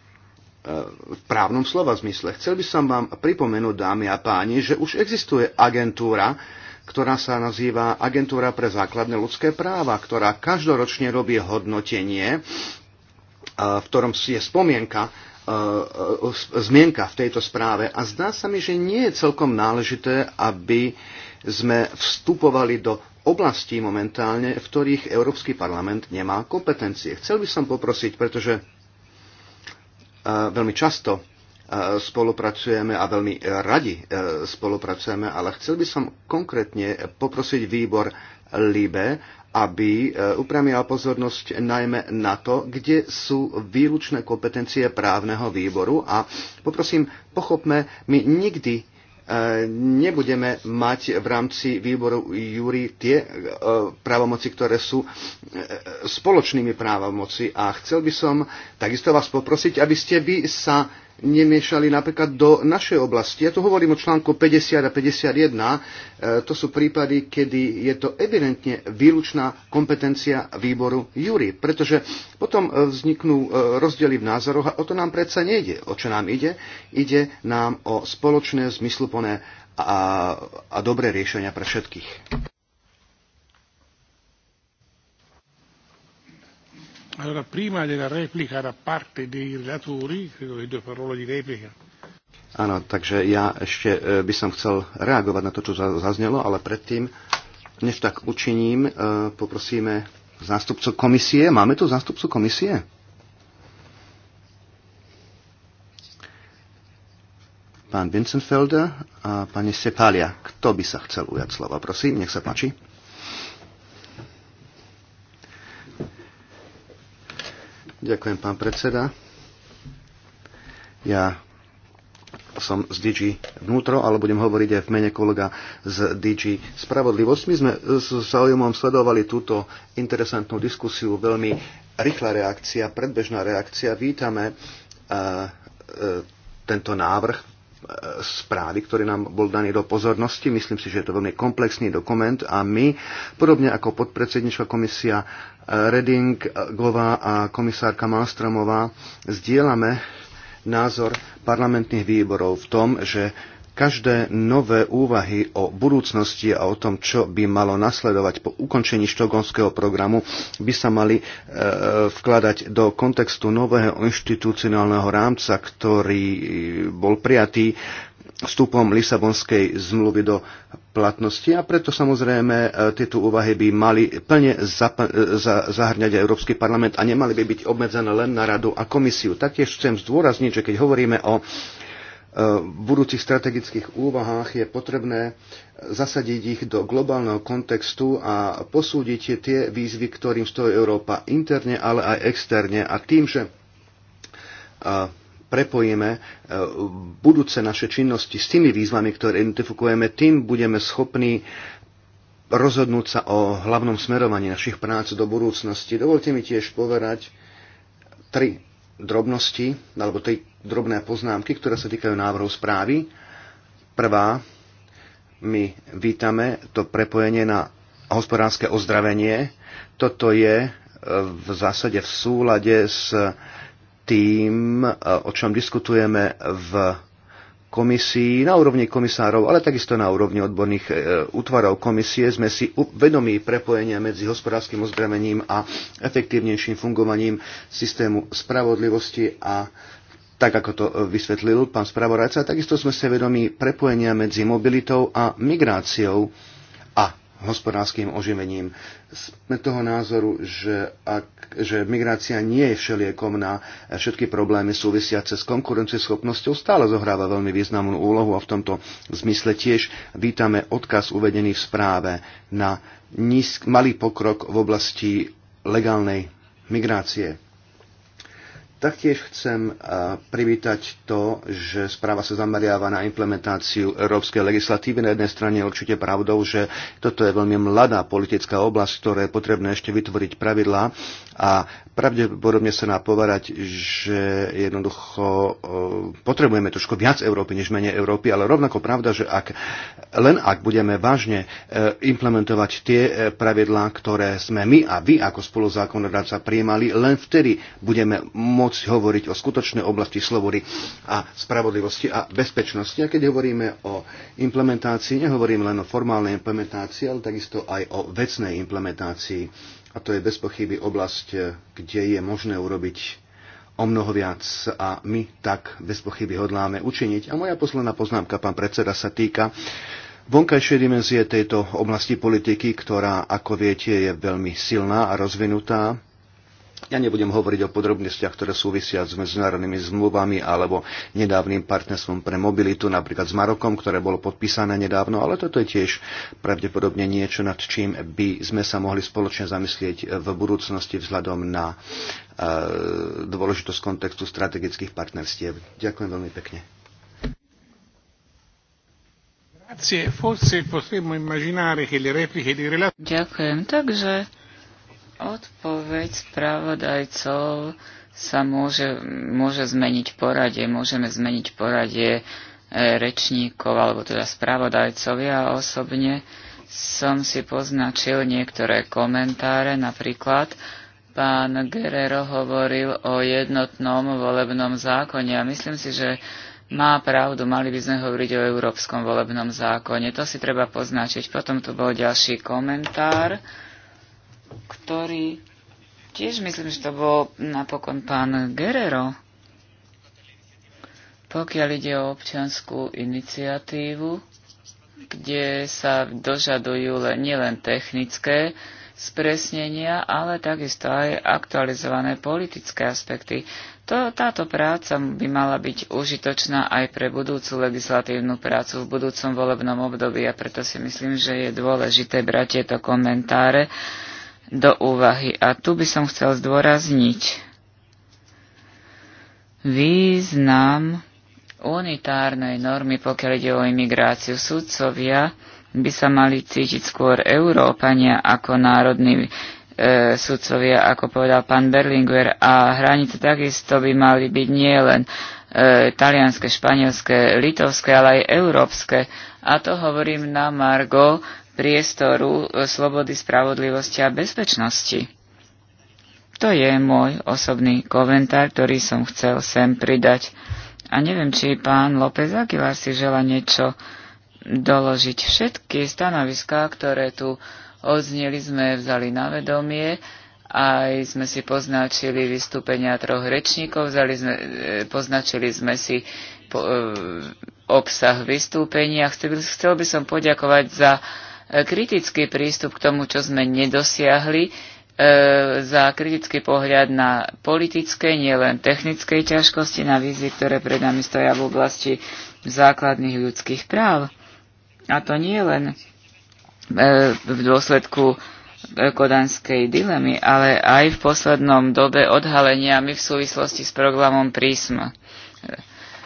v právnom slova zmysle. Chcel by som vám pripomenúť, dámy a páni, že už existuje agentúra, ktorá sa nazýva Agentúra pre základné ľudské práva, ktorá každoročne robí hodnotenie, e, v ktorom je spomienka e, e, zmienka v tejto správe a zdá sa mi, že nie je celkom náležité, aby sme vstupovali do oblastí momentálne, v ktorých Európsky parlament nemá kompetencie. Chcel by som poprosiť, pretože veľmi často spolupracujeme a veľmi radi e, spolupracujeme, ale chcel by som konkrétne poprosiť výbor LIBE, aby e, upriamila pozornosť najmä na to, kde sú výlučné kompetencie právneho výboru a poprosím, pochopme, my nikdy E, nebudeme mať v rámci výboru Júri tie e, právomoci, ktoré sú e, spoločnými právomoci. A chcel by som takisto vás poprosiť, aby ste vy sa nemiešali napríklad do našej oblasti. Ja tu hovorím o článku 50 a 51. E, to sú prípady, kedy je to evidentne výlučná kompetencia výboru júry. pretože potom e, vzniknú e, rozdiely v názoroch a o to nám predsa nejde. O čo nám ide? Ide nám o spoločné, zmysluplné a, a dobré riešenia pre všetkých. Allora, prima della replica da parte dei relatori, credo le due parole di replica. Áno, takže ja ešte e, by som chcel reagovať na to, čo zaznelo, ale predtým, než tak učiním, e, poprosíme zástupcu komisie. Máme tu zástupcu komisie? Pán Vincenfelder a pani Sepalia. Kto by sa chcel ujať slova? Prosím, nech sa páči. Ďakujem, pán predseda. Ja som z DG vnútro, ale budem hovoriť aj v mene kolega z DG Spravodlivosť. My sme s záujmom sledovali túto interesantnú diskusiu, veľmi rýchla reakcia, predbežná reakcia. Vítame eh, eh, tento návrh správy, ktorý nám bol daný do pozornosti. Myslím si, že je to veľmi komplexný dokument a my, podobne ako podpredsednička komisia eh, Reding, Glova a komisárka Malstromová, zdieľame názor parlamentných výborov v tom, že Každé nové úvahy o budúcnosti a o tom, čo by malo nasledovať po ukončení štokholmského programu, by sa mali e, vkladať do kontextu nového inštitucionálneho rámca, ktorý bol prijatý vstupom Lisabonskej zmluvy do platnosti a preto samozrejme e, tieto úvahy by mali plne e, zahrňať aj Európsky parlament a nemali by byť obmedzené len na radu a komisiu. Taktiež chcem zdôrazniť, že keď hovoríme o v budúcich strategických úvahách je potrebné zasadiť ich do globálneho kontextu a posúdiť tie výzvy, ktorým stojí Európa interne, ale aj externe. A tým, že prepojíme e, budúce naše činnosti s tými výzvami, ktoré identifikujeme, tým budeme schopní rozhodnúť sa o hlavnom smerovaní našich prác do budúcnosti. Dovolte mi tiež povedať tri drobnosti, alebo tej drobné poznámky, ktoré sa týkajú návrhu správy. Prvá, my vítame to prepojenie na hospodárske ozdravenie. Toto je e, v zásade v súlade s tým, e, o čom diskutujeme v komisií, na úrovni komisárov, ale takisto na úrovni odborných e, útvarov komisie sme si vedomí prepojenia medzi hospodárskym ozbremením a efektívnejším fungovaním systému spravodlivosti a tak ako to e, vysvetlil pán spravodajca, takisto sme si vedomi prepojenia medzi mobilitou a migráciou hospodárským oživením. Sme toho názoru, že, ak, že migrácia nie je všeliekomná, všetky problémy súvisiace s konkurencieschopnosťou stále zohráva veľmi významnú úlohu a v tomto zmysle tiež vítame odkaz uvedený v správe na nízk, malý pokrok v oblasti legálnej migrácie. Taktiež chcem privítať to, že správa sa zameriava na implementáciu európskej legislatívy. Na jednej strane je určite pravdou, že toto je veľmi mladá politická oblasť, ktoré je potrebné ešte vytvoriť pravidlá a pravdepodobne sa nám povedať, že jednoducho e, potrebujeme trošku viac Európy než menej Európy, ale rovnako pravda, že ak, len ak budeme vážne e, implementovať tie e, pravidlá, ktoré sme my a vy ako spoluzákonodáca prijímali, len vtedy budeme môcť môcť hovoriť o skutočnej oblasti slobody a spravodlivosti a bezpečnosti. A keď hovoríme o implementácii, nehovorím len o formálnej implementácii, ale takisto aj o vecnej implementácii. A to je bez pochyby oblasť, kde je možné urobiť o mnoho viac a my tak bez pochyby hodláme učiniť. A moja posledná poznámka, pán predseda, sa týka vonkajšej dimenzie tejto oblasti politiky, ktorá, ako viete, je veľmi silná a rozvinutá ja nebudem hovoriť o podrobnostiach, ktoré súvisia s medzinárodnými zmluvami alebo nedávnym partnerstvom pre mobilitu, napríklad s Marokom, ktoré bolo podpísané nedávno, ale toto je tiež pravdepodobne niečo, nad čím by sme sa mohli spoločne zamyslieť v budúcnosti vzhľadom na e, dôležitosť kontextu strategických partnerstiev. Ďakujem veľmi pekne. Ďakujem, takže Odpoveď spravodajcov sa môže, môže zmeniť poradie. Môžeme zmeniť poradie e, rečníkov alebo teda spravodajcov. Ja osobne som si poznačil niektoré komentáre, napríklad pán Guerrero hovoril o jednotnom volebnom zákone a myslím si, že má pravdu, mali by sme hovoriť o európskom volebnom zákone. To si treba poznačiť. Potom tu bol ďalší komentár ktorý tiež myslím, že to bol napokon pán Guerrero, pokiaľ ide o občianskú iniciatívu, kde sa dožadujú nielen technické spresnenia, ale takisto aj aktualizované politické aspekty. To, táto práca by mala byť užitočná aj pre budúcu legislatívnu prácu v budúcom volebnom období a preto si myslím, že je dôležité brať tieto komentáre do úvahy. A tu by som chcel zdôrazniť význam unitárnej normy, pokiaľ ide o imigráciu sudcovia, by sa mali cítiť skôr Európania ako národní e, sudcovia, ako povedal pán Berlinguer, a hranice takisto by mali byť nielen e, talianske, španielské, litovské, ale aj európske. A to hovorím na Margo priestoru e, slobody, spravodlivosti a bezpečnosti. To je môj osobný komentár, ktorý som chcel sem pridať. A neviem, či pán López Aguilar si žela niečo doložiť. Všetky stanoviská, ktoré tu odzneli, sme vzali na vedomie. Aj sme si poznačili vystúpenia troch rečníkov, vzali sme, e, poznačili sme si po, e, obsah vystúpenia. Chcel, chcel by som poďakovať za kritický prístup k tomu, čo sme nedosiahli, e, za kritický pohľad na politické, nielen technické ťažkosti, na vízy, ktoré pred nami stoja v oblasti základných ľudských práv. A to nie len e, v dôsledku e, kodanskej dilemy, ale aj v poslednom dobe odhaleniami v súvislosti s programom prísma.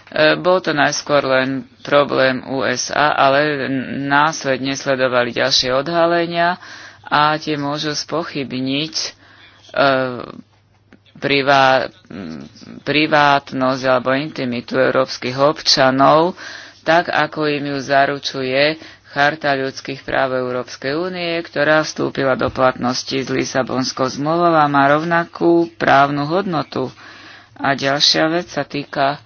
E, bol to najskôr len problém USA, ale následne sledovali ďalšie odhalenia a tie môžu spochybniť e, privátnosť alebo intimitu európskych občanov, tak ako im ju zaručuje Charta ľudských práv Európskej únie, ktorá vstúpila do platnosti z Lisabonskou zmluvou a má rovnakú právnu hodnotu. A ďalšia vec sa týka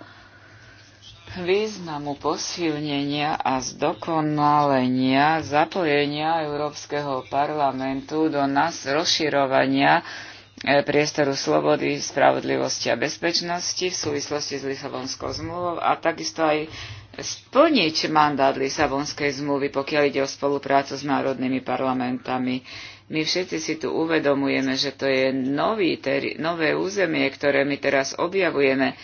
významu posilnenia a zdokonalenia zapojenia Európskeho parlamentu do nás rozširovania e, priestoru slobody, spravodlivosti a bezpečnosti v súvislosti s Lisabonskou zmluvou a takisto aj splniť mandát Lisabonskej zmluvy, pokiaľ ide o spoluprácu s národnými parlamentami. My všetci si tu uvedomujeme, že to je nový, nové územie, ktoré my teraz objavujeme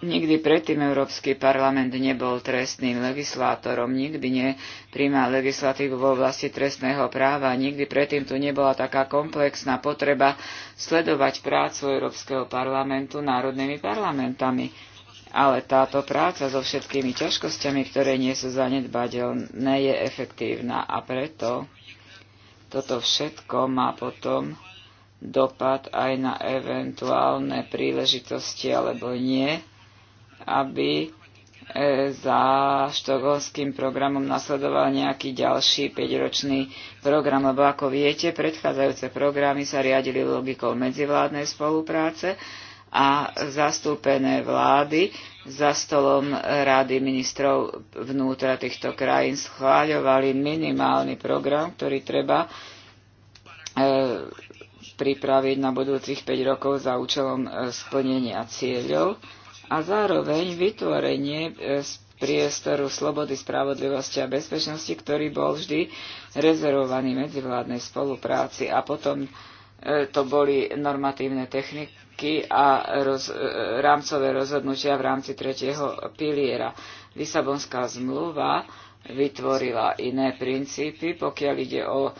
Nikdy predtým Európsky parlament nebol trestným legislátorom, nikdy nepríjmal legislatívu v oblasti trestného práva, nikdy predtým tu nebola taká komplexná potreba sledovať prácu Európskeho parlamentu národnými parlamentami. Ale táto práca so všetkými ťažkosťami, ktoré nie sú zanedbateľné, je efektívna a preto toto všetko má potom dopad aj na eventuálne príležitosti alebo nie aby e, za štokholským programom nasledoval nejaký ďalší 5-ročný program, lebo ako viete, predchádzajúce programy sa riadili logikou medzivládnej spolupráce a zastúpené vlády za stolom Rady ministrov vnútra týchto krajín schváľovali minimálny program, ktorý treba e, pripraviť na budúcich 5 rokov za účelom e, splnenia cieľov a zároveň vytvorenie e, priestoru slobody, spravodlivosti a bezpečnosti, ktorý bol vždy rezervovaný medzivládnej spolupráci a potom e, to boli normatívne techniky a roz, e, rámcové rozhodnutia v rámci tretieho piliera. Lisabonská zmluva vytvorila iné princípy, pokiaľ ide o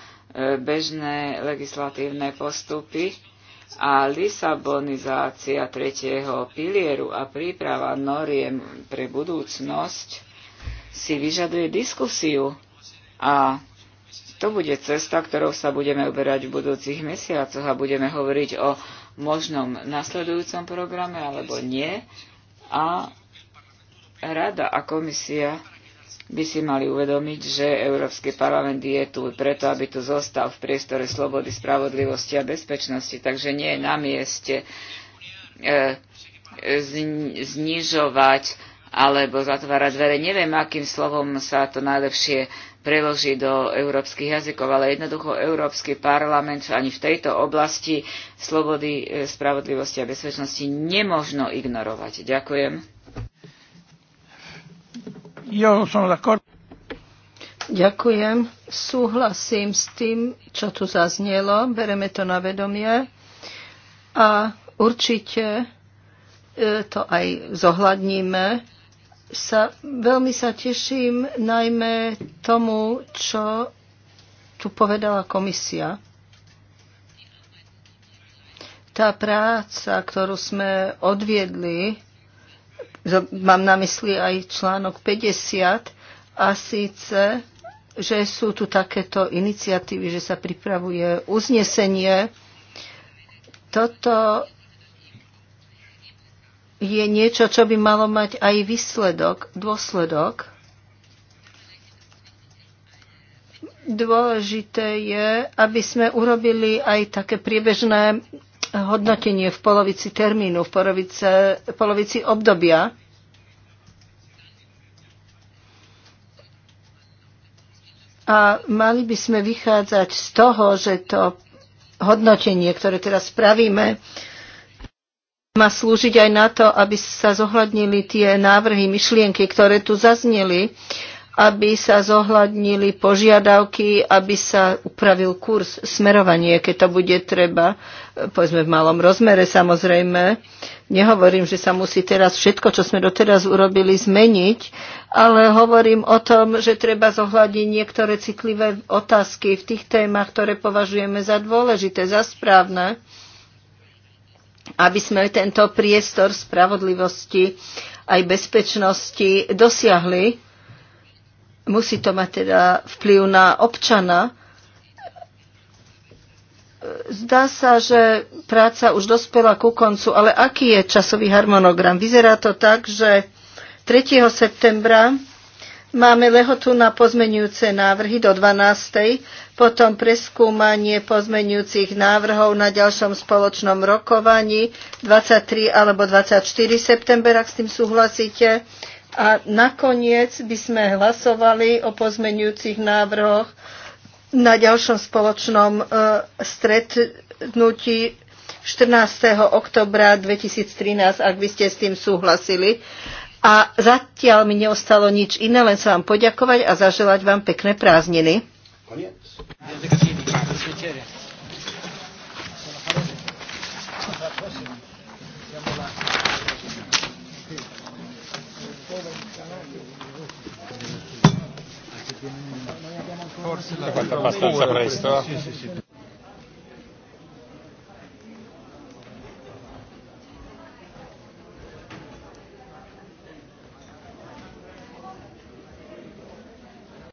bežné legislatívne postupy a lisabonizácia tretieho pilieru a príprava noriem pre budúcnosť si vyžaduje diskusiu a to bude cesta, ktorou sa budeme uberať v budúcich mesiacoch a budeme hovoriť o možnom nasledujúcom programe alebo nie. A Rada a komisia by si mali uvedomiť, že Európsky parlament je tu preto, aby tu zostal v priestore slobody, spravodlivosti a bezpečnosti. Takže nie je na mieste e, znižovať alebo zatvárať dvere. Neviem, akým slovom sa to najlepšie preloží do európskych jazykov, ale jednoducho Európsky parlament ani v tejto oblasti slobody, e, spravodlivosti a bezpečnosti nemožno ignorovať. Ďakujem. Ďakujem. Súhlasím s tým, čo tu zaznelo. Bereme to na vedomie. A určite e, to aj zohľadníme. Sa, veľmi sa teším najmä tomu, čo tu povedala komisia. Tá práca, ktorú sme odviedli, mám na mysli aj článok 50, a síce, že sú tu takéto iniciatívy, že sa pripravuje uznesenie. Toto je niečo, čo by malo mať aj výsledok, dôsledok. Dôležité je, aby sme urobili aj také priebežné hodnotenie v polovici termínu, v polovice, polovici obdobia. A mali by sme vychádzať z toho, že to hodnotenie, ktoré teraz spravíme, má slúžiť aj na to, aby sa zohľadnili tie návrhy, myšlienky, ktoré tu zazneli. Uh, aby sa zohľadnili požiadavky, aby sa upravil kurz, smerovanie, keď to bude treba, povedzme v malom rozmere samozrejme. Nehovorím, že sa musí teraz všetko, čo sme doteraz urobili, zmeniť, ale hovorím o tom, že treba zohľadiť niektoré citlivé otázky v tých témach, ktoré považujeme za dôležité, za správne, aby sme tento priestor spravodlivosti aj bezpečnosti dosiahli Musí to mať teda vplyv na občana. Zdá sa, že práca už dospela ku koncu, ale aký je časový harmonogram? Vyzerá to tak, že 3. septembra Máme lehotu na pozmenujúce návrhy do 12. Potom preskúmanie pozmenujúcich návrhov na ďalšom spoločnom rokovaní 23 alebo 24 september, ak s tým súhlasíte. A nakoniec by sme hlasovali o pozmenujúcich návrhoch na ďalšom spoločnom e, stretnutí 14. oktobra 2013, ak by ste s tým súhlasili. A zatiaľ mi neostalo nič iné, len sa vám poďakovať a zaželať vám pekné prázdniny. Koniec. forse la abbastanza presto. Sì, sì, sì,